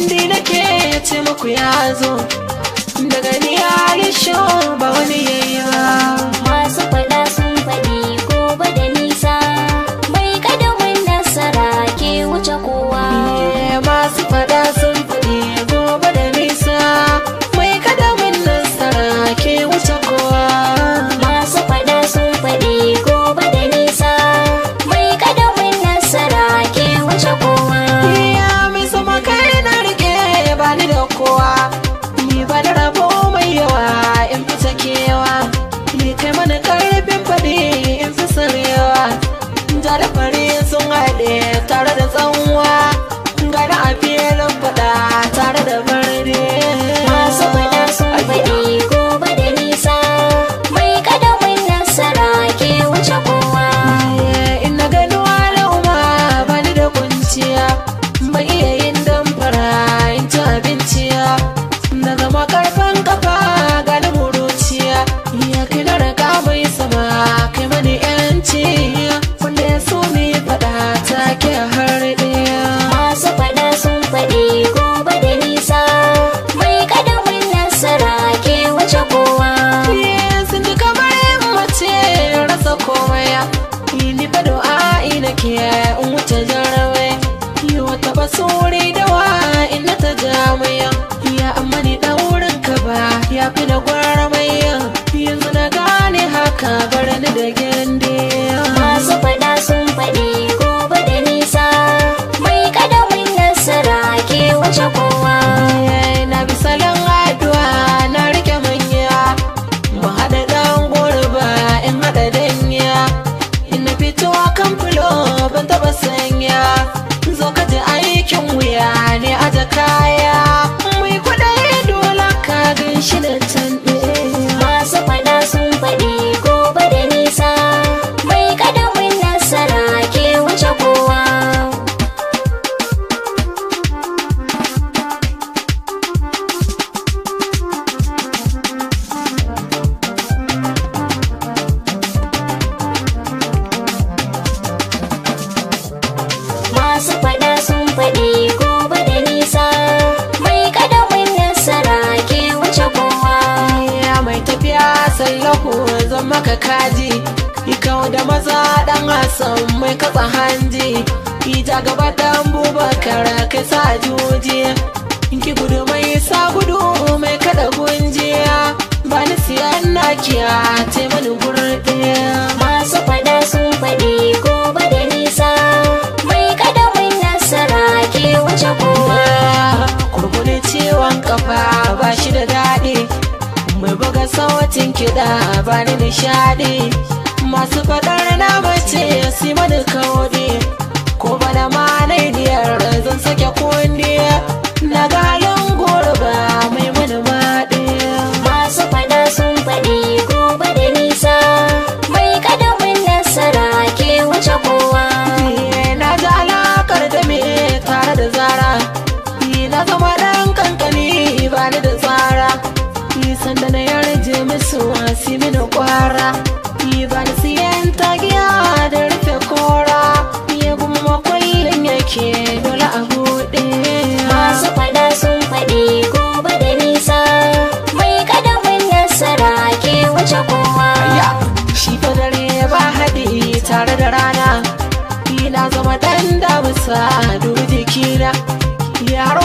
Mandi nake ya ce muku ya zo daga ni ya ba wani yayi ba masu faɗa yawa ni kai mana karfin fadi in fi sarewa ja da fari sun haɗe tare da tsanwa gani a filin faɗa tare da birni masu faɗa sun faɗi gobe da nisa mai kada kadamin nasara ke wuce ko bagende masu faɗa sun faɗi san mai katsa hanji ita gaba dan bubakar kai sa juji ki gudu mai sa gudu mai kada gunjiya ba ni siyan nakiya ta mani gurɗe masu fada sun faɗi ko ba da nisa mai kada mai nasara ke wuce kowa kurkuri ciwon kafa ba shi da daɗi mai buga sautin kiɗa ba ni nishaɗi masu faɗar na bace si mani kawai ko bana ma naidiyar zan sake kundi na galin gurba mai mani masu faɗa sun faɗi gobe da nisa mai ƙadamin nasara ke wuce kowa eh, na ji alakar da me tare da zara eh, na zama ɗan kankani ba da tsara nisan eh, na yarje musu wasi mini kwara sa duk jikina yaro